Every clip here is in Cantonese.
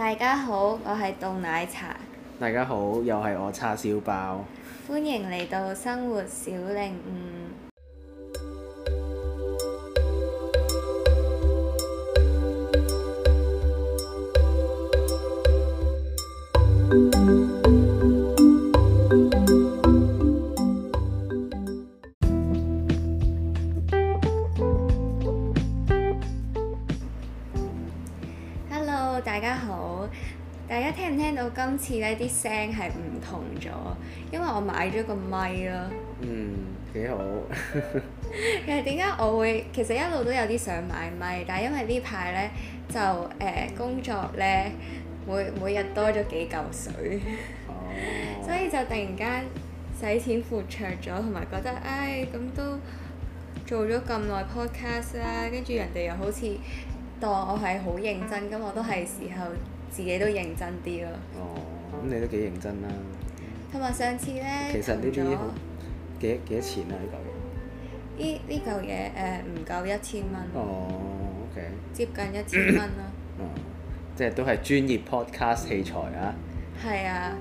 大家好，我係凍奶茶。大家好，又係我叉燒包。歡迎嚟到生活小領悟。嗯好似呢啲聲係唔同咗，因為我買咗個咪咯。嗯，幾好 其。其實點解我會，其實一路都有啲想買咪，但係因為呢排呢，就誒、呃、工作呢，每每日多咗幾嚿水，哦、 所以就突然間使錢闊綽咗，同埋覺得唉，咁、哎、都做咗咁耐 podcast 啦，跟住人哋又好似當我係好認真，咁我都係時候自己都認真啲咯。哦。咁你都幾認真啦，同埋上次咧，其實呢啲幾幾多錢啊？呢嚿嘢？呢呢嚿嘢誒唔夠一千蚊。哦，OK。接近一千蚊咯。哦，即係都係專業 podcast 器材啊。係、嗯、啊，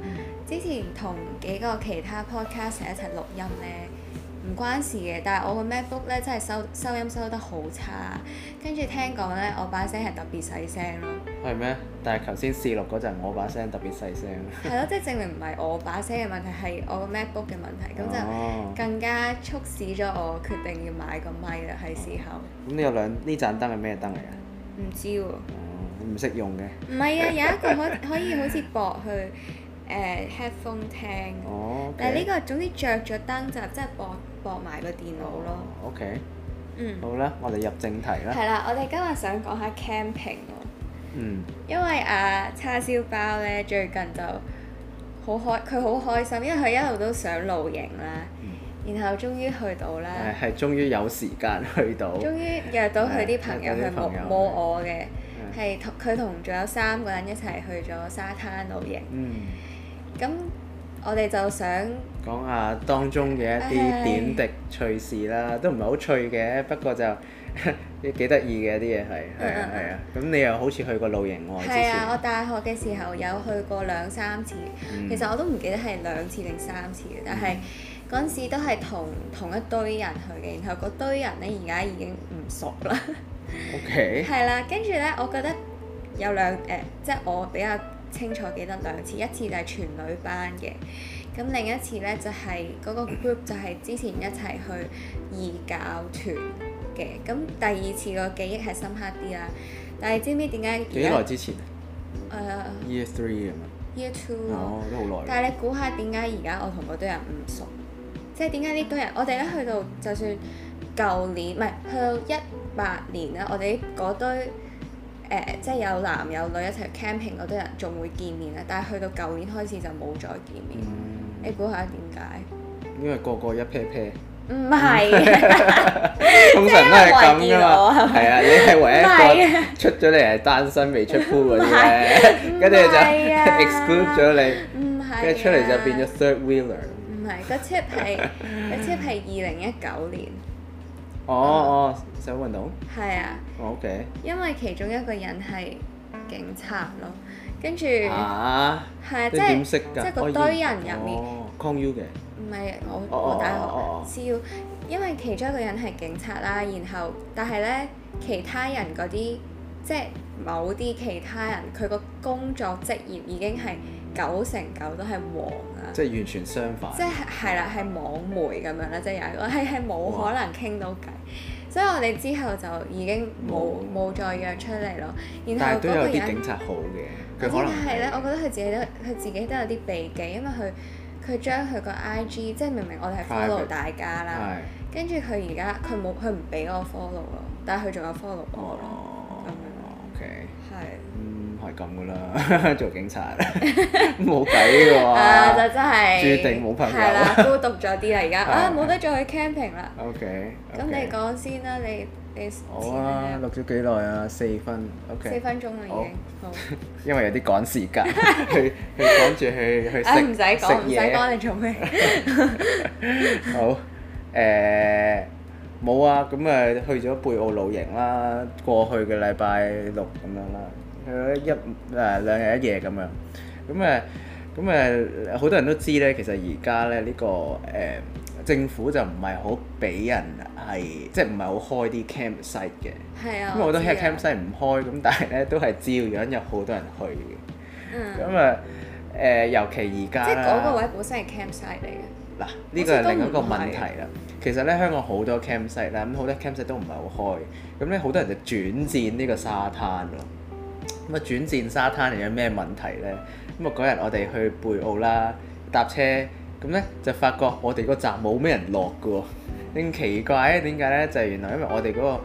之前同幾個其他 podcast 一齊錄音咧，唔關事嘅。但係我個 MacBook 咧真係收收音收得好差，跟住聽講咧，我把聲係特別細聲咯。係咩？但係頭先試錄嗰陣，我把聲特別細聲。係咯，即係證明唔係我把聲嘅問題，係我個 MacBook 嘅問題。咁就更加促使咗我決定要買個咪啦，係時候。咁你有兩呢盞燈係咩燈嚟㗎？唔知喎。唔識用嘅。唔係啊，有一個可可以好似駁去誒 headphone 聽。哦。但係呢個總之着咗燈就即係駁駁埋個電腦咯。OK。嗯。好啦，我哋入正題啦。係啦，我哋今日想講下 camping。嗯，因為啊叉燒包呢，最近就好開，佢好開心，因為佢一路都想露營啦，嗯、然後終於去到啦，係係終於有時間去到，終於約到佢啲朋友去摸摸我嘅，係同佢同仲有三個人一齊去咗沙灘露營。嗯，咁、嗯、我哋就想講下當中嘅一啲點滴趣事啦，啊、係都唔係好趣嘅，不過就。幾得意嘅啲嘢係，係啊， 啊。咁你又好似去過露營喎、啊？係啊，我大學嘅時候有去過兩三次，其實我都唔記得係兩次定三次嘅，但係嗰陣時都係同同一堆人去嘅，然後嗰堆人呢而家已經唔熟啦。 OK。係啦，跟住呢，我覺得有兩誒，即、呃、係、就是、我比較清楚記得兩次，一次就係全女班嘅，咁另一次呢就係、是、嗰個 group 就係之前一齊去義教團。咁第二次個記憶係深刻啲啦，但係知唔知點解？幾耐之前啊、uh,？Year three Year two。都好耐。但係你估下點解而家我同嗰堆人唔熟？即係點解呢堆人？我哋一去到就算舊年，唔係去到一八年啦，我哋嗰堆即係有男有女一齊 camping 嗰堆人仲會見面啦，但係去到舊年開始就冇再見面。嗯、你估下點解？因為個個一 pair pair。唔係，通常都係咁噶嘛，係啊，你係唯一一個出咗嚟係單身未出 pool 嘅啫，跟住就 exclude 咗你，跟住出嚟就變咗 third wheeler。唔係，個 trip 係個 trip 係二零一九年。哦哦，社會運動。係啊。O K。因為其中一個人係警察咯，跟住，係即係即係嗰堆人入面港 U 嘅。唔係我我大學，只要、oh, oh, oh, oh. 因為其中一個人係警察啦，然後但係咧其他人嗰啲，即係某啲其他人，佢個工作職業已經係九成九都係黃啊！即係完全相反。即係係啦，係網媒咁樣啦，即係有係係冇可能傾到偈，oh. 所以我哋之後就已經冇冇、oh. 再約出嚟咯。然後嗰個人警察好嘅，但係咧，我覺得佢自己都佢自己都有啲避忌，因為佢。佢將佢個 IG 即係明明我哋係 follow 大家啦，Private. 跟住佢而家佢冇佢唔俾我 follow 咯 fo，但係佢仲有 follow 我咯。咁樣咯。哦，OK，係是，嗯，係咁噶啦， 做警察冇計㗎，就真係註定冇朋友啦、啊，孤獨咗啲啦而家啊，冇得再去 camping 啦。OK，咁 okay. 你講先啦，你。好啊，錄咗幾耐啊？四分，OK。四分鐘啦已經。好。因為有啲趕時間，去去趕住去去食食嘢。唔使講唔使講你做咩？好。誒，冇啊，咁誒去咗貝澳露營啦，過去嘅禮拜六咁樣啦，去咗一誒兩日一夜咁樣。咁誒，咁誒好多人都知咧，其實而家咧呢個誒。政府就唔係好俾人係，即係唔係好開啲 campsite 嘅。係啊。因為好多 campsite 唔開，咁但係咧都係照樣有好多人去。嗯。咁啊，誒，尤其而家。即係嗰個位本身係 campsite 嚟嘅。嗱，呢、這個係好像 另一個問題啦。其實咧，香港好多 campsite 啦，咁好多 campsite 都唔係好開。咁、嗯、咧，好多人就轉戰呢個沙灘咯。咁、嗯、啊，轉戰沙灘嚟有咩問題咧？咁啊，嗰日我哋去貝澳啦，搭車。咁咧就發覺我哋嗰集冇咩人落嘅喎，咁奇怪咧，點解咧？就係、是、原來因為我哋嗰、那個嗰、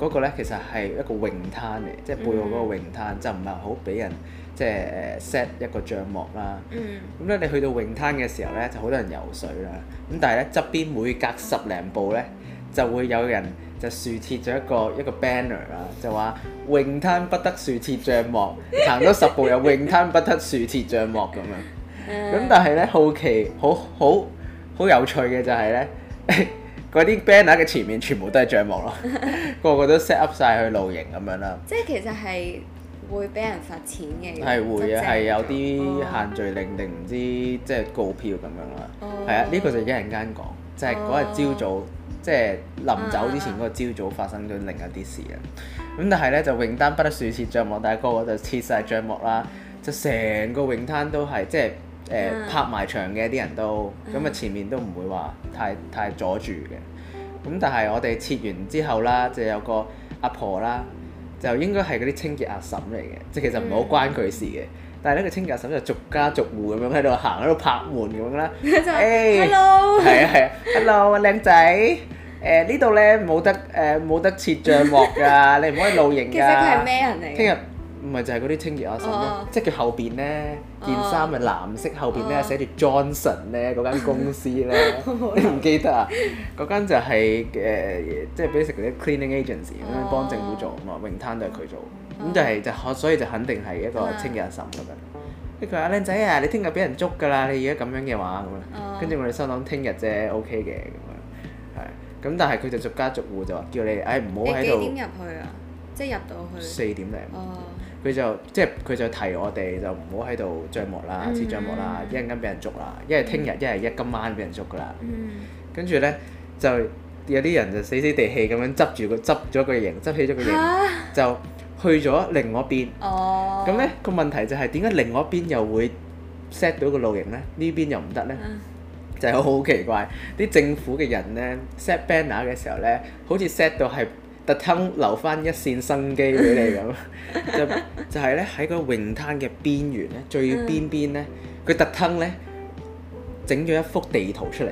那個咧，其實係一個泳灘嚟，即、就、係、是、背後嗰個泳灘就唔係好俾人即係 set 一個帳幕啦。咁咧、嗯、你去到泳灘嘅時候咧，就好多人游水啦。咁但係咧，側邊每隔十零步咧，就會有人就豎設咗一個一個 banner 啦，就話泳灘不得豎設帳幕，行多十步又泳灘不得豎設帳幕咁樣。咁、嗯嗯、但係咧好奇好好好有趣嘅就係咧，嗰 啲 banner 嘅前面全部都係帳幕咯， 個個都 set up 晒去露營咁樣啦。即係其實係會俾人罰錢嘅，係會啊，係有啲限聚令定唔、哦、知即係告票咁樣啦。係、哦、啊，呢、呢個就一陣間講，就係嗰日朝早即係、哦、臨走之前嗰個朝早發生咗另一啲事啊。咁但係咧就泳灘不得擅自豎設帳幕，但係個,個個就撤晒帳幕啦，就成個泳灘都係即係。即誒、呃、拍埋牆嘅啲人都，咁、嗯、啊前面都唔會話太太阻住嘅。咁、嗯、但係我哋切完之後啦，就有個阿婆啦，就應該係嗰啲清潔阿嬸嚟嘅，即係其實唔係好關佢事嘅。但係呢個清潔阿嬸就逐家逐戶咁樣喺度行喺度拍門咁啦。Hello，係啊係啊，Hello，靚仔，誒、呃、呢度咧冇得誒冇得撤帳幕㗎，你唔可以露營㗎。 其實佢係咩人嚟㗎？唔係就係嗰啲清潔阿嬸咯，即係佢後邊咧件衫係藍色，後邊咧寫住 Johnson 咧嗰間公司咧，你唔記得啊？嗰間就係誒，即係 basically 嗰啲 cleaning agency 咁樣幫政府做啊嘛，泳灘都係佢做，咁就係就可，所以就肯定係一個清潔阿嬸咁樣。跟住佢話：靚仔啊，你聽日俾人捉㗎啦！你而家咁樣嘅話咁啊，跟住我哋心諗聽日啫，OK 嘅咁樣，係咁，但係佢就逐家逐戶就話叫你誒唔好喺度。幾點入去啊？即係入到去四點零。佢就即係佢就提我哋就唔好喺度着幕啦，設着幕啦，嗯、一陣間俾人捉啦，因為聽日一係一今晚俾人捉㗎啦。嗯、跟住咧，就有啲人就死死地氣咁樣執住個執咗個營，執起咗個營，啊、就去咗另外一邊。哦。咁咧個問題就係點解另外一邊又會 set 到個露營咧？呢邊又唔得咧？啊、就係好奇怪，啲政府嘅人咧 set banner 嘅時候咧，好似 set 到係。特登留翻一線生機俾你咁、 就是，就就係咧喺個泳灘嘅邊緣咧， 最邊邊咧，佢特登咧整咗一幅地圖出嚟，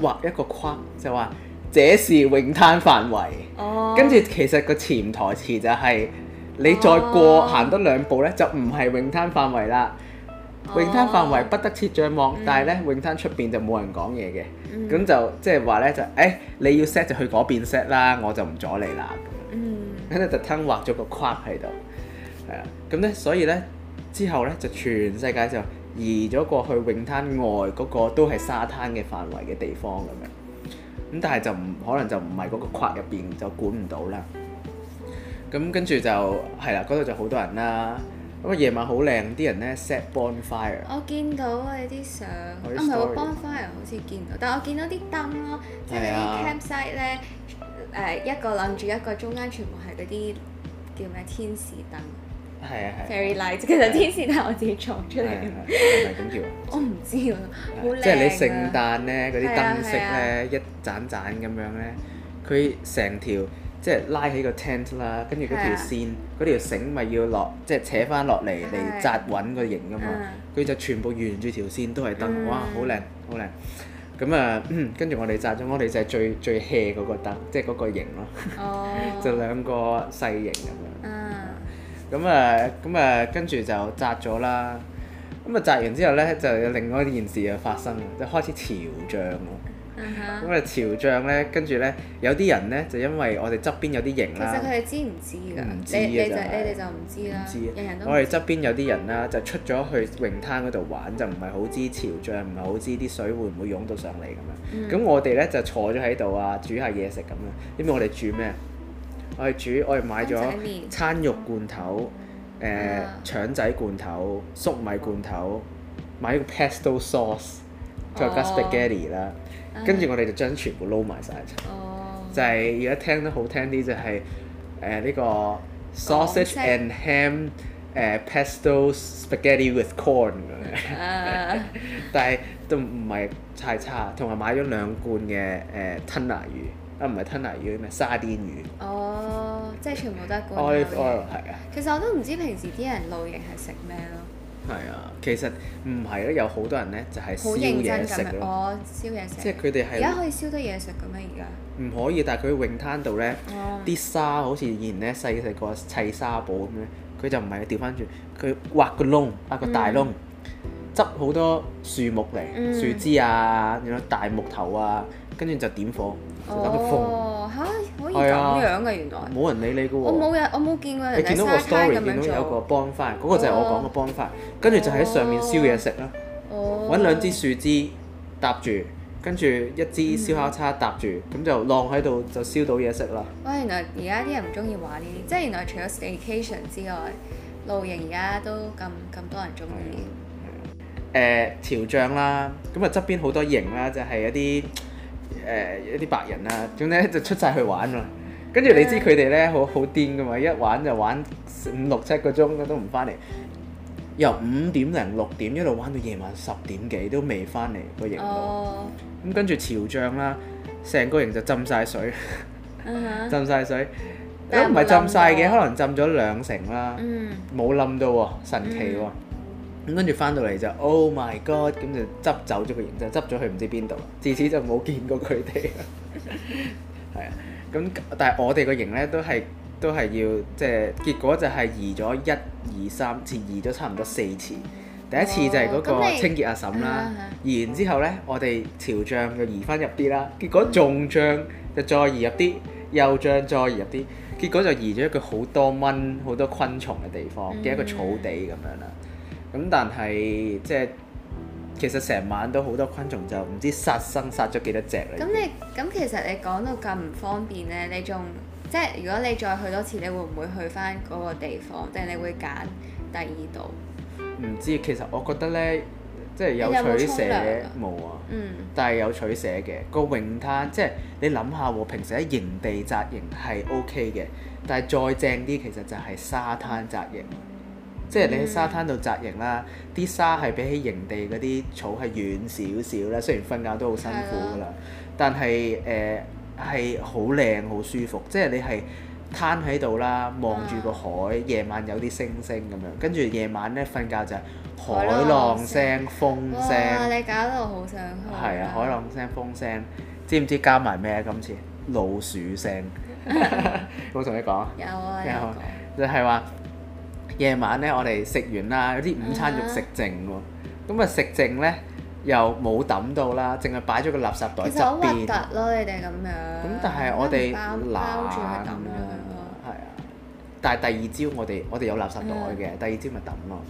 畫一個框，就話這是泳灘範圍。跟住、oh. 其實個潛台詞就係、是、你再過行、oh. 多兩步咧，就唔係泳灘範圍啦。泳灘範圍不得設帳幕，哦、但係咧泳灘出邊就冇人講嘢嘅，咁就即係話咧就，誒、哎、你要 set 就去嗰邊 set 啦，我就唔阻你啦。咁樣、嗯，咁咧就特登畫咗個框喺度，係啊，咁咧所以咧之後咧就全世界就移咗過去泳灘外嗰個都係沙灘嘅範圍嘅地方咁樣，咁但係就唔可能就唔係嗰個框入邊就管唔到啦。咁跟住就係啦，嗰度就好多人啦。咁為夜晚好靚，啲人咧 set bonfire。我見到你啊啲相，啊唔係，bonfire 好似見到，但係我見到啲燈咯，啊、即係啲 campsite 咧，誒一個攬住一個，中間全部係嗰啲叫咩天使燈。係啊係。啊 Very light 其實天使燈我自己創出嚟。係係係。係咪咁叫？ 我唔知啊。好靚。即係你聖誕咧，嗰啲燈飾咧，啊啊、一盞盞咁樣咧，佢成條。即係拉起個 tent 啦，跟住嗰條線、嗰、啊、條繩咪要落，即係扯翻落嚟嚟紮穩個型噶嘛。佢、啊、就全部沿住條線都係燈，啊、哇，好靚，好靚。咁啊、嗯，跟住我哋紮咗，我哋就係最最 hea 嗰個燈，即係嗰個形咯。就兩個細型咁樣。嗯。咁、嗯、啊，咁、嗯、啊，跟住就紮咗啦。咁啊，紮完之後呢，就有另外一件事就發生，就開始潮漲。咁啊、uh huh. 潮漲咧，跟住咧有啲人咧就因為我哋側邊有啲營啦，其實佢哋知唔知？唔知啊！你你就你哋就唔知啦。人人都我哋側邊有啲人啦，就出咗去泳灘嗰度玩，就唔係好知潮漲，唔係好知啲水會唔會湧到上嚟咁樣。咁、uh huh. 我哋咧就坐咗喺度啊，煮下嘢食咁樣。因為我哋煮咩？我哋煮我哋買咗餐肉罐頭、誒、呃 uh huh. 腸仔罐頭、粟米罐頭，買咗 pesto sauce，再加 spaghetti 啦、uh。Huh. 跟住我哋就將全部撈埋晒一齊，哦、就係而家聽得好聽啲就係誒呢個 sausage 式 and ham 誒、呃、pesto spaghetti with corn 咁樣、啊， 但係都唔係太差，同埋買咗兩罐嘅誒、呃、吞拿魚啊，唔係吞拿魚咩沙甸魚？哦， 即係全部都係罐頭嘅。係啊。其實我都唔知平時啲人露營係食咩咯。係啊，其實唔係咧，有好多人咧就係、是、燒嘢食咯。哦，燒嘢食。即係佢哋係而家可以燒多嘢食嘅咩？而家唔可以，但係佢喺泳灘度咧，啲、哦、沙好似以前咧細細個砌沙堡咁樣，佢就唔係掉翻轉，佢挖個窿，挖個大窿，執好、嗯、多樹木嚟、嗯、樹枝啊、咁樣大木頭啊，跟住就點火。哦，可以咁樣嘅。原來冇、啊、人理你嘅喎、啊，我冇人我冇見過人哋。你見到個 story 見到有一個 bonfire，嗰、那個就係我講嘅 bonfire，跟住就喺上面燒嘢食啦。揾、哦、兩支樹枝搭住，跟住一支燒烤叉搭住，咁就晾喺度就燒到嘢食啦。喂、嗯，原來而家啲人唔中意玩呢啲，即係原來除咗 staycation 之外，露營而家都咁咁多人中意。誒、嗯，條帳啦，咁啊側邊好多營啦，就係、是、一啲。誒、呃、一啲白人啊，總之就出晒去玩喎。跟住你知佢哋咧好好癲㗎嘛，一玩就玩五六七個鐘都唔翻嚟，由五點零六點一路玩到夜晚十點幾都未翻嚟個營。咁跟住潮漲啦，成個營就浸晒水，uh huh. 浸晒水都唔係浸晒嘅，可能浸咗兩成啦，冇冧、uh huh. 到喎、啊，神奇喎、啊！咁跟住翻到嚟就 Oh my God！咁就執走咗個營，就執咗去唔知邊度。自此就冇見過佢哋。係 啊，咁但係我哋個營咧都係都係要即係、即係、結果就係移咗一、二、三次，移咗差唔多四次。第一次就係嗰個清潔阿嬸啦，oh, 移完之後咧、uh huh. 我哋潮漲就移翻入啲啦，結果仲漲就再移入啲，又漲再移入啲，結果就移咗一個好多蚊好多昆蟲嘅地方嘅、uh huh. 一個草地咁樣啦。咁、嗯、但係即係其實成晚都好多昆蟲，就唔知殺生殺咗幾多隻。咁你咁其實你講到咁唔方便呢？你仲即係如果你再去多次，你會唔會去返嗰個地方，定你會揀第二度？唔知，其實我覺得呢，即係有取捨冇啊，啊嗯，但係有取捨嘅、嗰個泳灘，即係你諗下喎，平時喺營地紮營係 OK 嘅，但係再正啲其實就係沙灘紮營。即係你喺沙灘度紮營啦，啲沙係比起營地嗰啲草係軟少少啦。雖然瞓覺都好辛苦㗎啦，但係誒係好靚好舒服。即係你係攤喺度啦，望住個海，夜晚有啲星星咁樣，跟住夜晚咧瞓覺就海浪聲、風聲。哇！你搞到我好想去。係啊，海浪聲、風聲，知唔知加埋咩啊？今次老鼠聲。我同你講啊。有啊有。就係話。夜晚咧，我哋食完啦，有啲午餐肉食剩喎，咁啊食、嗯、剩咧又冇抌到啦，淨係擺咗個垃圾袋喺側邊。其實好核突咯，你哋咁樣。咁但係我哋懶啊，係啊。但係第二朝我哋我哋有垃圾袋嘅，啊、第二朝咪抌咯。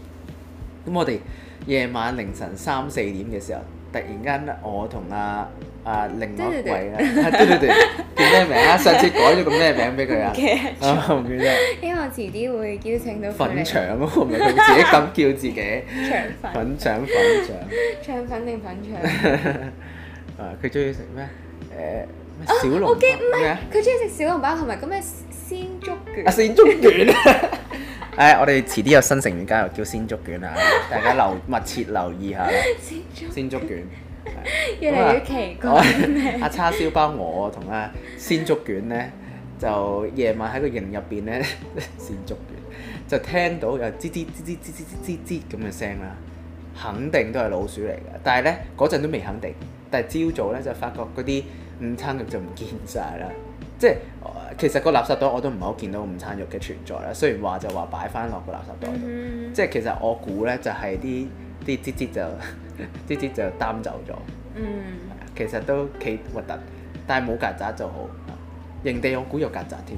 咁、啊、我哋夜晚凌晨三四點嘅時候，突然間我同阿、啊。啊！另一位啊！對對對，叫咩名啊？上次改咗個咩名俾佢啊？啊，我唔記得。希望遲啲會邀請到粉腸咯，唔係佢自己咁叫自己。腸粉，粉腸，粉腸。腸粉定粉腸？啊！佢中意食咩？誒，小籠包咩？佢中意食小籠包同埋嗰咩鮮竹卷？啊！鮮竹卷啊！係啊！我哋遲啲有新成員加入，叫鮮竹卷啊！大家留密切留意下。鮮竹，鮮竹卷。 越嚟越奇怪。阿、 啊、叉燒包我同阿鮮竹卷咧，就夜晚喺個營入邊咧，鮮竹卷就聽到有吱吱吱吱吱吱吱吱咁嘅聲啦，肯定都係老鼠嚟嘅。但係咧嗰陣都未肯定，但係朝早咧就發覺嗰啲午餐肉就唔見晒啦。即係其實個垃圾袋我都唔係好見到午餐肉嘅存在啦。雖然話就話擺翻落個垃圾袋度，即係、mm hmm. 其實我估咧就係啲。啲啲啲就啲啲就擔走咗，嗯，mm. 其實都幾核突，但係冇曱甴就好。營地我估有曱甴添，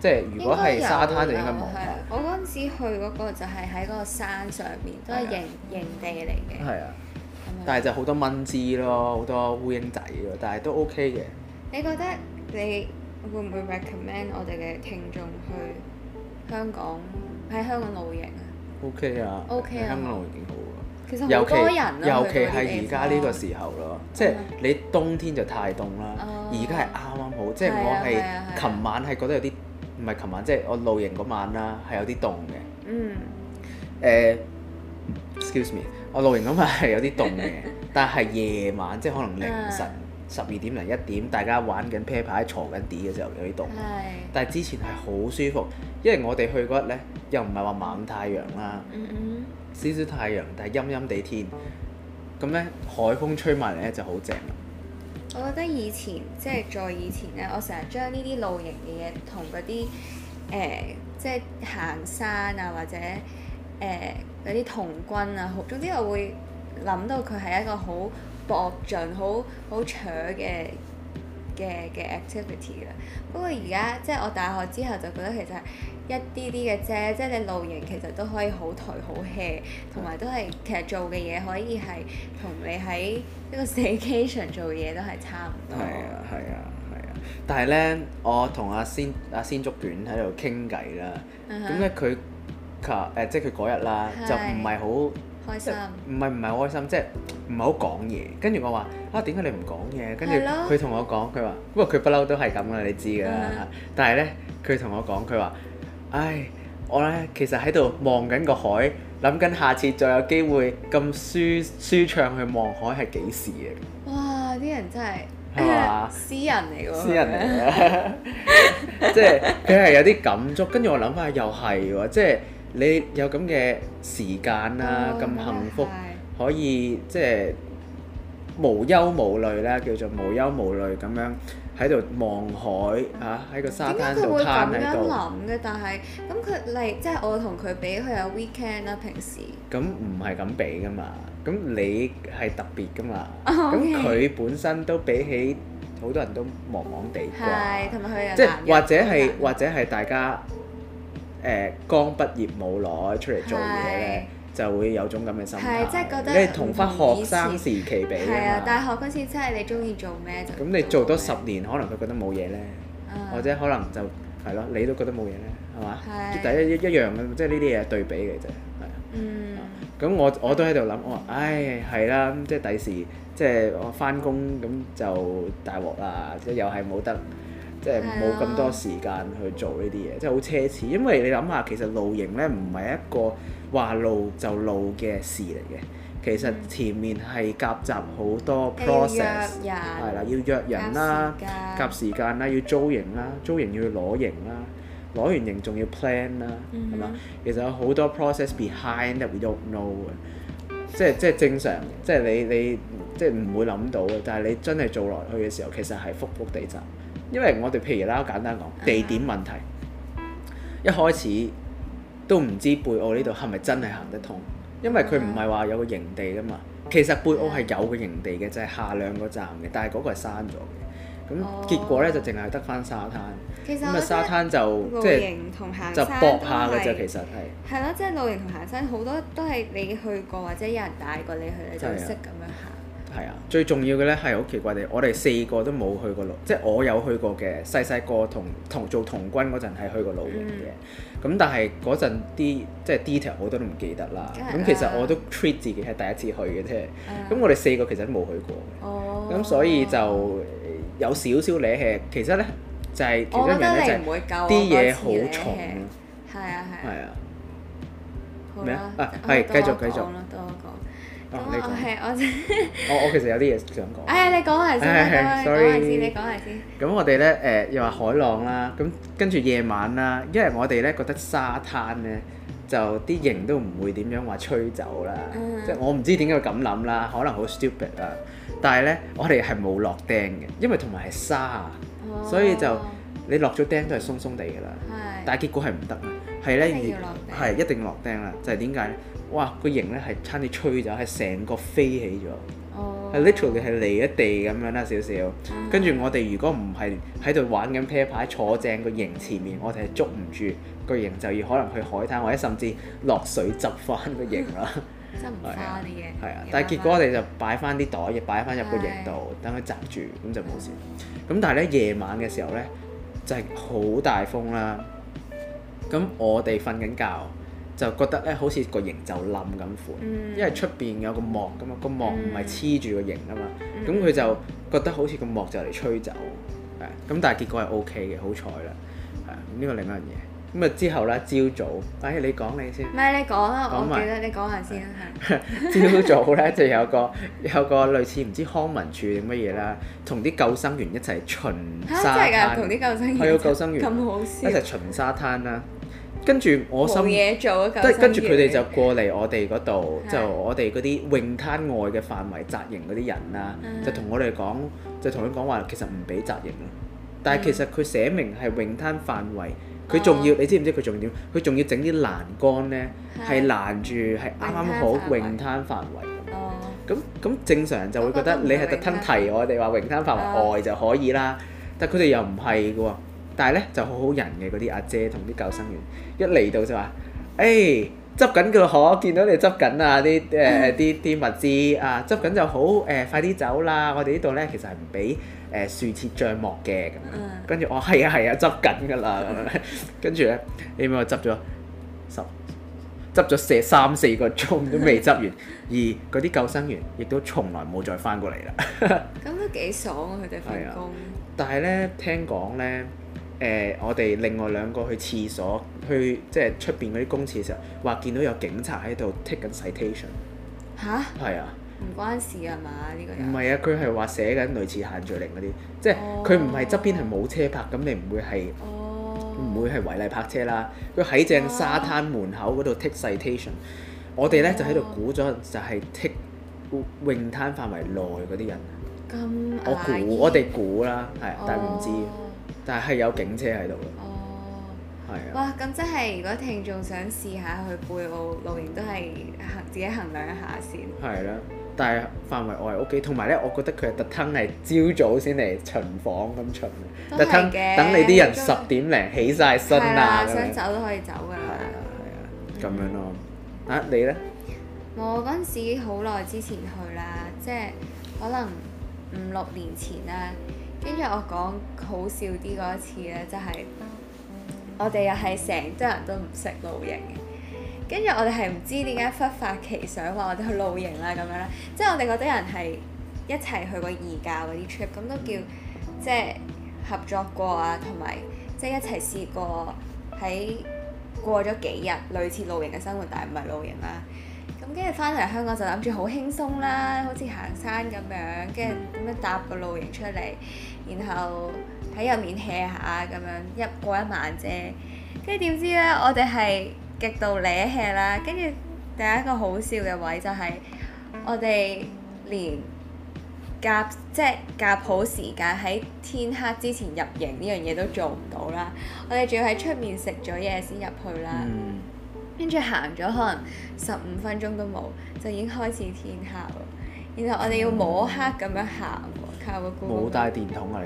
即係如果係沙灘就應該冇。我嗰陣時去嗰個就係喺嗰個山上面，都係營營地嚟嘅。係啊的，但係就好多蚊滋咯，好多烏蠅仔喎，但係都 OK 嘅。你覺得你會唔會 recommend 我哋嘅聽眾去香港喺香港露營啊？OK 啊，OK 啊，香港環境好。尤其尤其係而家呢個時候咯，即係你冬天就太凍啦，而家係啱啱好。即係我係琴晚係覺得有啲，唔係琴晚，即係我露營嗰晚啦，係有啲凍嘅。嗯。誒，excuse me，我露營嗰晚係有啲凍嘅，但係夜晚即係可能凌晨十二點零一點，大家玩緊啤牌、鋤緊 D 嘅時候有啲凍。但係之前係好舒服，因為我哋去嗰日咧，又唔係話猛太陽啦。少少太陽，但係陰陰地天，咁咧、oh. 海風吹埋嚟咧，就好正。我覺得以前即係在以前咧，我成日將呢啲露營嘅嘢同嗰啲誒即係行山啊或者誒嗰啲童軍啊，好總之我會諗到佢係一個好搏盡、好好搶嘅嘅嘅 activity 啦。不過而家即係我大學之後就覺得其實係。一啲啲嘅啫，即係你露營其實都可以好頹好 hea，同埋都係其實做嘅嘢可以係同你喺一個 station 做嘢都係差唔多。係啊，係啊，係啊！但係咧，我同阿仙阿仙竹卷喺度傾偈啦，咁咧佢其實即係佢嗰日啦，就唔係好開心，唔係唔係好開心，即係唔係好講嘢。跟住我話啊，點解你唔講嘢？跟住佢同我講，佢話不過佢不嬲都係咁啦，你知噶啦。但係咧，佢同我講，佢話。唉，我咧其實喺度望緊個海，諗緊下次再有機會咁舒舒暢去望海係幾時嘅哇！啲人真係係嘛？私人嚟㗎，私人嚟嘅， 即係佢係有啲感觸。跟住我諗返下，又係喎，即係你有咁嘅時間啦，咁幸福可以即係無憂無慮啦，叫做無憂無慮咁樣。喺度望海嚇，喺、啊、個沙灘度。點解佢會咁樣諗嘅？嗯、但係咁佢嚟即係我同佢比，佢有 weekend 啦，平時。咁唔係咁比噶嘛，咁你係特別噶嘛，咁佢、哦 okay。本身都比起好多人都忙忙地啩。係、嗯，同埋佢又即係或者係或者係大家誒、呃、剛畢業冇耐出嚟做嘢咧。就會有種咁嘅心態，即係、覺得、同翻學生時期比。係 啊，大學嗰時真係你中意做咩就做。咁你做多十年，可能佢覺得冇嘢咧，嗯、或者可能就係咯，你都覺得冇嘢咧，係嘛？第一一一樣嘅，即係呢啲嘢對比嘅啫，係。嗯。咁我我都喺度諗，我話唉係啦，即係第時即係我翻工咁就大鑊啦，即係又係冇得，即係冇咁多時間去做呢啲嘢，即係好奢侈。因為你諗下，其實露營咧唔係一個話露就露嘅事嚟嘅，其實前面係夾雜好多 process，係啦，要約人啦，夾時間啦，要租營啦，租營要攞營啦，攞完營仲要 plan 啦，係嘛、嗯哼？其實有好多 process behind that we don't know，即係即係正常，即係你你即係唔會諗到嘅，但係你真係做落去嘅時候，其實係複複地集，因為我哋譬如啦，簡單講，地點問題，嗯、哼一開始。都唔知貝澳呢度係咪真係行得通，因為佢唔係話有個營地噶嘛。其實貝澳係有個營地嘅，就係、是、下兩個站嘅，但係嗰個係閂咗嘅。咁結果咧、哦、就淨係得翻沙灘，咁啊沙灘就即係同行山就搏下嘅啫，其實係係咯，即係露營同行山好多都係你去過或者有人帶過你去你就識咁樣。係啊，最重要嘅咧係好奇怪地，我哋四個都冇去過老，即係我有去過嘅，細細個同同做童軍嗰陣係去過露營嘅，咁但係嗰陣啲即係 detail 好多都唔記得啦。咁其實我都 treat 自己係第一次去嘅啫。咁我哋四個其實都冇去過，咁所以就有少少咧，係其實咧就係。其中一你唔就夠就係啲嘢好重啊，係啊係啊。係啊。咩啊？啊係，繼續繼續。.你我係我，我其實有啲嘢想講。哎，你講下先，sorry 你講下先。咁我哋咧，誒又話海浪啦，咁跟住夜晚啦，因為我哋咧覺得沙灘咧就啲營都唔會點樣話吹走啦，即係我唔知點解會咁諗啦，可能好 stupid 啊，但係咧我哋係冇落釘嘅，因為同埋係沙啊，所以就你落咗釘都係鬆鬆地㗎啦，但係結果係唔得係咧，係、 嗯、一定落釘啦！就係點解咧？哇，個營咧係差啲吹咗，係成個飛起咗。哦、oh，係 literally 係離一地咁樣啦，少少。跟住我哋如果唔係喺度玩緊啤牌，坐正個營前面我，我哋係捉唔住個營，就要可能去海灘或者甚至落水執翻個營啦。執唔翻啊，但係結果我哋就擺翻啲袋嘢擺翻入個營度，等佢執住咁 就冇事。咁但係咧夜晚嘅時候咧，就係、是、好大風啦。 咁我哋瞓緊覺就覺得咧好似個營就冧咁款，因為出邊有個幕㗎嘛，個幕唔係黐住個營啊嘛，咁佢就覺得好似個幕就嚟吹走，係，咁但係結果係 O K 嘅，好彩啦，係，呢個另一樣嘢，咁啊之後咧朝早，哎你講你先，唔係你講啊，我記得你講下先啊，係。朝早咧就有個有個類似唔知康文署定乜嘢啦，同啲救生員一齊巡沙灘，嚇，真係㗎，同啲救生員，係啊救生員，咁好笑，一齊巡沙灘啦。跟住我心，嘢做，跟住佢哋就過嚟我哋嗰度，的就我哋嗰啲泳灘外嘅範圍紮營嗰啲人啦、啊的，就同我哋講，就同佢講話其實唔俾紮營，但係其實佢寫明係泳灘範圍，佢仲要你知唔知佢仲要點？佢仲要整啲欄杆呢，係攔住係啱啱好泳灘範圍。哦，咁咁正常人就會覺得是是你係特登提我哋話泳灘範圍外，外就可以啦，嗯、但佢哋又唔係嘅喎。但係咧就好好人嘅嗰啲阿姐同啲救生員一嚟到就話：，誒執緊嘅咯，見到你執緊啊啲誒誒啲啲物資啊執緊就好，誒快啲走啦！我哋呢度咧其實係唔俾誒樹設帳幕嘅咁樣。跟住我係啊係啊執緊㗎啦，跟住咧你咪執咗十執咗成三四個鐘都未執完，而嗰啲救生員亦都從來冇再翻過嚟啦。咁都幾爽啊！佢哋返工。但係咧聽講咧。誒、呃，我哋另外兩個去廁所，去即係出邊嗰啲公廁嘅時候，話見到有警察喺度剔 a 緊 citation。吓？係啊，唔、啊、關事啊嘛？呢、呢個唔係啊，佢係話寫緊類似限聚令嗰啲，即係佢唔係側邊係冇車泊，咁你唔會係唔、哦、會係違例泊車啦。佢喺正沙灘門口嗰度剔 citation，我哋咧就喺度估咗就係剔泳灘範，範圍內嗰啲人。咁我估我哋估啦，係，但係唔知。嗯但係有警車喺度咯。哦，係啊的。哇，咁、嗯、即係，如果聽眾想試下去貝澳露營，都係自己衡量一下先。係啦，但係範圍外屋企，同埋呢，我覺得佢特登係朝早先嚟巡房咁巡，特登等你啲人十點零起晒身啊，嗯、的想走都可以走噶啦。係啊，咁、嗯、樣咯。啊，你呢？嗯、我嗰陣時好耐之前去啦，即係可能。五六年前啦，跟住我講好笑啲嗰一次咧，就係、是、我哋又係成堆人都唔識露營嘅，跟住我哋係唔知點解忽發奇想話我哋去露營啦咁樣啦，即係我哋嗰堆人係一齊去過義教嗰啲 trip，咁都叫即係、就是、合作過啊，同埋即係一齊試過喺過咗幾日類似露營嘅生活，但係唔係露營啦。.咁跟住翻嚟香港就諗住好輕鬆啦，好似行山咁樣，跟住點樣搭個露營出嚟，然後喺入面歇下咁樣，一過一晚啫。跟住點知呢？我哋係極度 lie hea 啦。跟住，第一個好笑嘅位就係我哋連夾即係夾好時間喺天黑之前入營呢樣嘢都做唔到啦。我哋仲要喺出面食咗嘢先入去啦。嗯。跟住行咗可能十五分鐘都冇，就已經開始天黑啦。然後我哋要摸黑咁樣行，嗯、靠個 Google 冇帶電筒啊！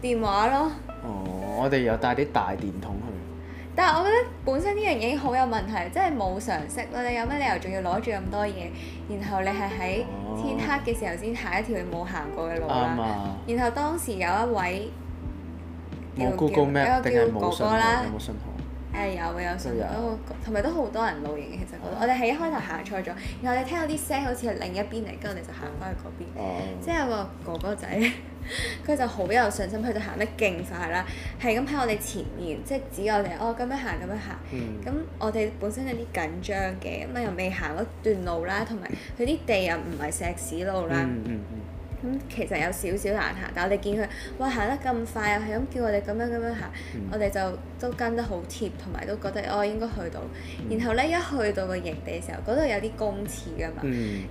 你哋電話咯。哦，我哋有帶啲大電筒去。但係我覺得本身呢樣嘢已經好有問題，即係冇常識啦。你有咩理由仲要攞住咁多嘢？然後你係喺天黑嘅時候先下一條你冇行過嘅路啦。哦、然後當時有一位用 Google 定係冇誒有有信號，同埋都好多人露營嘅。其實我哋係一開頭行錯咗，然後你哋聽到啲聲好似係另一邊嚟，跟住我哋就行翻去嗰邊。即係有個哥哥仔，佢就好有信心，佢就行得勁快啦，係咁喺我哋前面，即係指我哋哦咁樣行，咁樣行。咁、mm hmm. 我哋本身有啲緊張嘅，咁啊又未行嗰段路啦，同埋佢啲地又唔係石屎路啦。Mm hmm. 咁、嗯、其實有少少難行，但係我哋見佢，哇行得咁快，like, 又係咁叫我哋咁樣咁樣行，我哋就都跟得好貼，同埋都覺得哦應該去到。嗯嗯嗯嗯、然後呢，一去到個營地嘅時候，嗰度有啲公廁噶嘛，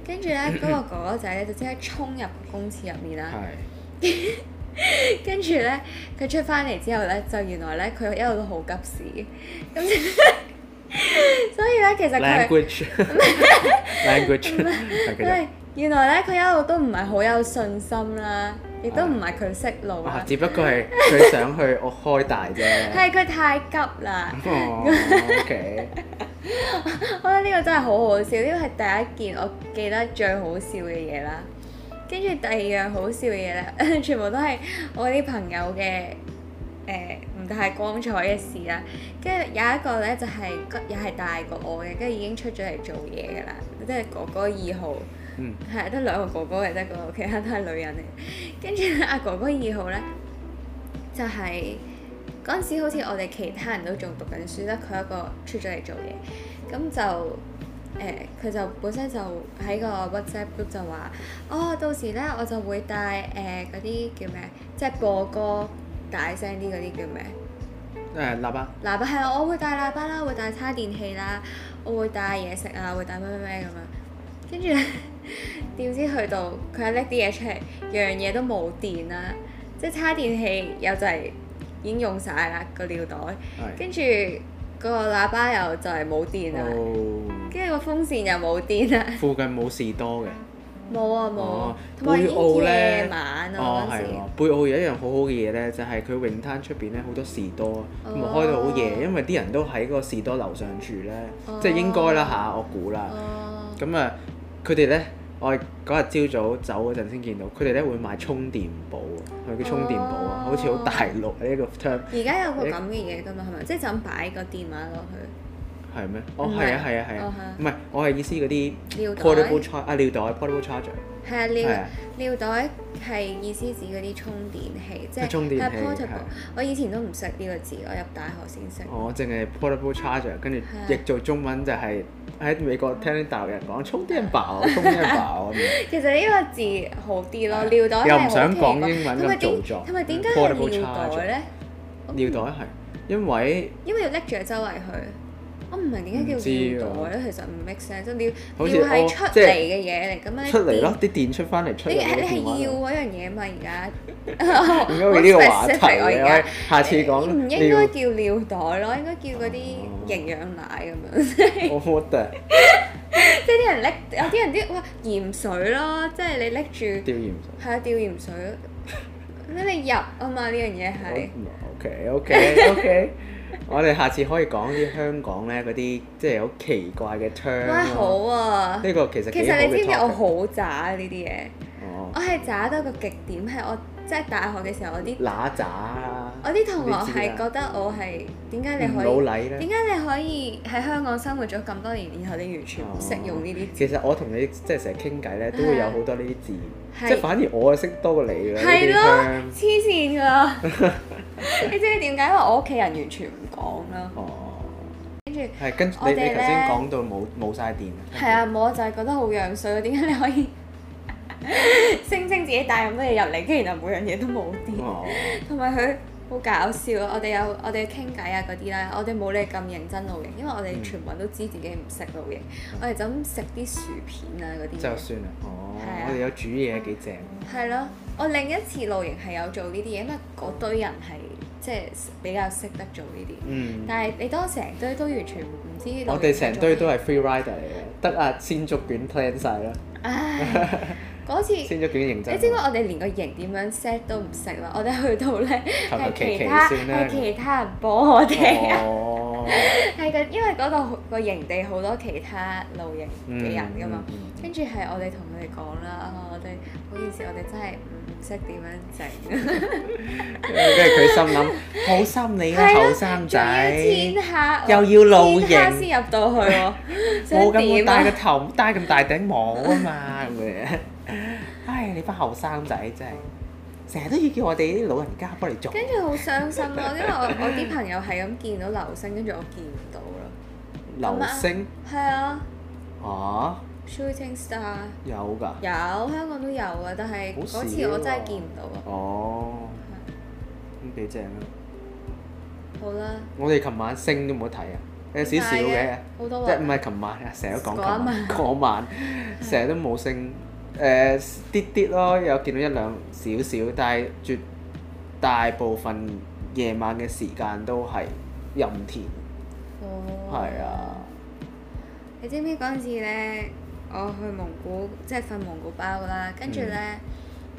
跟住呢，嗰個哥哥仔呢，就即刻衝入公廁入面啦。跟住呢，佢出翻嚟之後呢，就原來呢，佢一路都好急屎。咁、嗯、所以呢，其實佢 a .原來咧，佢一路都唔係好有信心啦，亦都唔係佢識路啊。只不過係佢想去，我開大啫。係佢 太急啦。O K，我覺得呢個真係好好笑，呢個係第一件我記得最好笑嘅嘢啦。跟住第二樣好笑嘅嘢咧，全部都係我啲朋友嘅誒唔太光彩嘅事啦。跟住有一個咧就係、是，又係大過我嘅，跟住已經出咗嚟做嘢噶啦，即係哥哥二號。嗯，係，得兩個哥哥嘅啫，個其他都係女人嚟。跟住阿哥哥二號呢，就係嗰陣時好似我哋其他人都仲讀緊書，得佢一個出咗嚟做嘢。咁就佢、呃、就本身就喺個 WhatsApp group 就話，哦、oh，到時呢，我就會帶誒嗰啲叫咩，即、就、係、是、播歌大聲啲嗰啲叫咩？誒、呃，喇叭，喇叭啊，我會帶喇叭啦，會帶叉電器啦，我會帶嘢食啊，會帶咩咩咩咁樣。跟住咧。點知去到佢又拎啲嘢出嚟，樣嘢都冇電啦！即係叉電器又就係已經用晒啦，個尿袋，跟住個喇叭又就係冇電啦，跟住個風扇又冇電啦。附近冇士多嘅？冇啊冇。哦，貝澳夜晚啊，係啊。貝澳有一樣好好嘅嘢咧，就係佢泳灘出邊咧好多士多，咁啊開到好夜，因為啲人都喺個士多樓上住咧，即係應該啦吓，我估啦。哦。咁啊？佢哋咧，我係嗰日朝早走嗰陣先見到，佢哋咧會買充電寶，佢叫充電寶、oh. 啊，好似好大陸呢一個 term。而家有個咁嘅嘢㗎嘛？係咪？即係就咁擺個電話落去。係咩？哦，係啊，係啊，係啊，唔係，我係意思嗰啲。Portable 啊，尿袋，portable charger。係啊，尿尿袋係意思指嗰啲充電器，即係充電器。我以前都唔識呢個字，我入大學先識。我淨係 portable charger，跟住譯做中文就係喺美國聽啲大陸人講充電寶、充電寶。其實呢個字好啲咯，尿袋又唔想講英文咁做作。同埋點解係尿袋咧？尿袋係因為因為要拎住周圍去。我唔明點解叫尿袋咧，其實唔 make sense，即係尿尿係出嚟嘅嘢嚟噶嘛？尿咯，啲電出翻嚟出嚟。你係你係要嗰樣嘢嘛？而家點解會呢個話題？我而家下次講唔應該叫尿袋咯，應該叫嗰啲營養奶咁樣。好核突？即係啲人拎有啲人啲哇鹽水咯，即係你拎住。吊鹽水係啊，吊鹽水咁樣你入啊嘛？呢樣嘢係。Okay, okay, okay. 我哋下次可以講啲香港咧嗰啲，即係好奇怪嘅窗、啊。哇！好啊。呢個其實其實你知唔知我好渣呢啲嘢，哦、我係渣到個極點，係我。即係大學嘅時候，我啲嗱喳啊！我啲同學係覺得我係點解你可以？點解你可以喺香港生活咗咁多年，然後你完全唔識用呢啲字？其實我同你即係成日傾偈咧，都會有好多呢啲字，即係反而我係識多過你嘅。係咯，黐線㗎！你知唔知點解？因為我屋企人完全唔講啦。哦。跟住係跟住，你頭先講到冇冇曬電。係啊，冇就係覺得好樣衰啊！點解你可以？ 聲稱自己帶咁多嘢入嚟，竟然就每樣嘢都冇啲。同埋佢好搞笑啊！我哋有我哋傾偈啊嗰啲啦，我哋冇你咁認真露營，因為我哋全部人都知自己唔識露營，mm. 我哋就咁食啲薯片啊嗰啲。就算啦，哦、oh, 啊，我哋有煮嘢幾正。係咯、mm. 啊，我另一次露營係有做呢啲嘢，因為嗰堆人係即係比較識得做呢啲。嗯。Mm. 但係你當成堆都完全唔知。我哋成堆都係 free rider 嚟嘅，得啊，鮮竹卷 plan 晒咯。唉 嗰次，你知唔知我哋連個營點樣 set 都唔識啦？我哋去到咧係其他係其他人幫我哋，啊、哦，係個 因為嗰、那個、那個營地好多其他露營嘅人噶嘛，嗯嗯、跟住係我哋同佢哋講啦，我哋嗰陣時我哋真係唔識點樣整，跟住佢心諗好心你啊，後生仔，要又要露營先入到去喎，冇咁大個頭，戴咁大頂帽啊嘛 你班後生仔真係成日都要叫我哋啲老人家幫你做，跟住好傷心咯。因為我我啲朋友係咁見到流星，跟住我見唔到喇。流星係啊。啊！Shooting star 有㗎。有香港都有啊，但係嗰次我真係見唔到啊。哦，都幾正啊！好啦，我哋琴晚星都冇得睇啊，有少少嘅，即係唔係琴晚？成日都講琴晚，嗰晚成日都冇星。誒啲啲咯，有見到一兩少少，但係絕大部分夜晚嘅時間都係陰天。哦，係啊！你知唔知嗰陣時咧，我去蒙古即係瞓蒙古包啦，跟住咧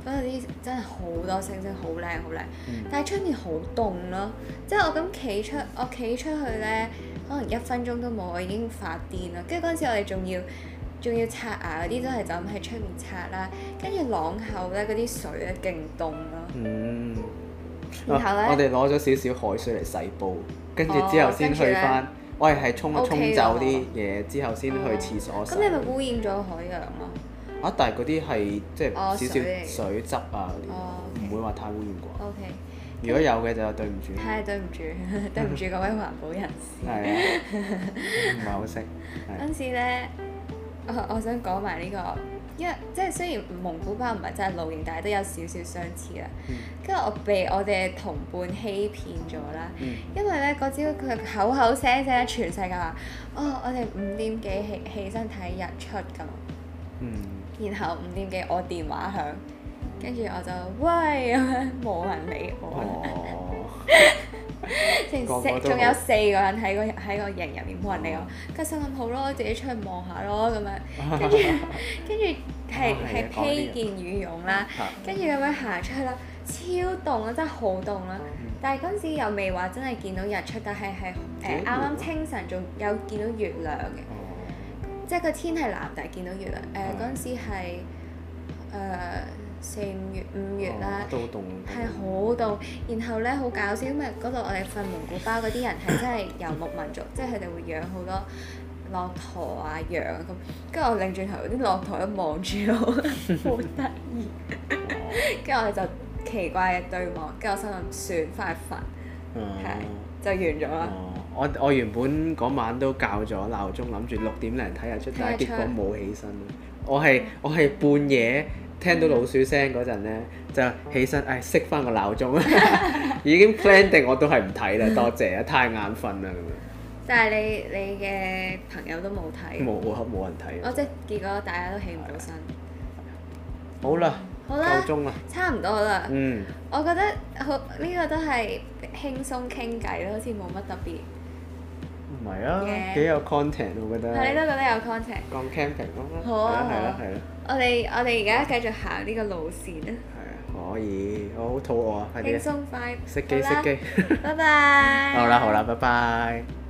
嗰度啲真係好多星星，好靚好靚。嗯、但係出面好凍咯，即係我咁企出，我企出去咧，可能一分鐘都冇，我已經發癲啦。跟住嗰陣時我哋仲要。仲要刷牙嗰啲都係就咁喺出面刷啦，跟住朗口咧嗰啲水咧勁凍咯。嗯，然後咧我哋攞咗少少海水嚟洗布，跟住之後先去翻，我哋係沖沖走啲嘢，之後先去廁所洗。咁你咪污染咗海洋咯？啊，但係嗰啲係即係少少水質啊，唔會話太污染啩。O K，如果有嘅就對唔住，係對唔住，對唔住各位環保人士。係唔係好識？嗰陣時咧。我想講埋呢個，因為即係雖然蒙古包唔係真係露營，但係都有少少相似啦。跟住、嗯、我被我哋同伴欺騙咗啦，嗯、因為呢嗰朝佢口口聲聲全世界話，哦我哋五點幾起起身睇日出咁，嗯、然後五點幾我電話響，跟住我就喂，冇人理我。哦 仲有四個人喺個喺個營入面，冇人理我。佢得心咁好咯，自己出去望下咯咁樣。跟住跟住係係披件羽絨啦，跟住咁樣行出去啦，超凍啊，真係好凍啦！嗯嗯、但係嗰陣時又未話真係見到日出，但係係誒啱啱清晨仲有見到月亮嘅，嗯、即係個天係藍，但係見到月亮。誒嗰陣時係四五月五月啦、哦，都好凍，係好凍。然後咧好搞笑，因為嗰度我哋瞓蒙古包嗰啲人係真係游牧民族，即係佢哋會養好多駱駝啊、羊啊。咁。跟住我擰轉頭，啲駱駝都望住我，好得意。跟住、哦、我哋就奇怪嘅對望，跟住我心諗算翻去瞓，係、哦、就完咗啦、哦。我我原本嗰晚都校咗鬧鐘，諗住六點零睇日出，但係結果冇起身、嗯。我係我係半夜。聽到老鼠聲嗰陣咧，就起身，唉熄翻個鬧鐘， 已經 plan 定我都係唔睇啦，多謝啊，太眼瞓啦咁樣。但係你你嘅朋友都冇睇？冇啊冇人睇。我即係結果大家都起唔到身。好啦，夠鐘啦，差唔多啦。嗯，我覺得好呢、呢個都係輕鬆傾偈咯，好似冇乜特別。係啊，幾 有 content 我覺得。係，你都覺得有 content。 講 camping 咯。好啊。係咯，係咯。我哋我哋而家繼續行呢個路線啦。係啊，可以。我好肚餓啊，快啲。輕快。熄機，熄機。拜拜。好啦，好啦，拜拜。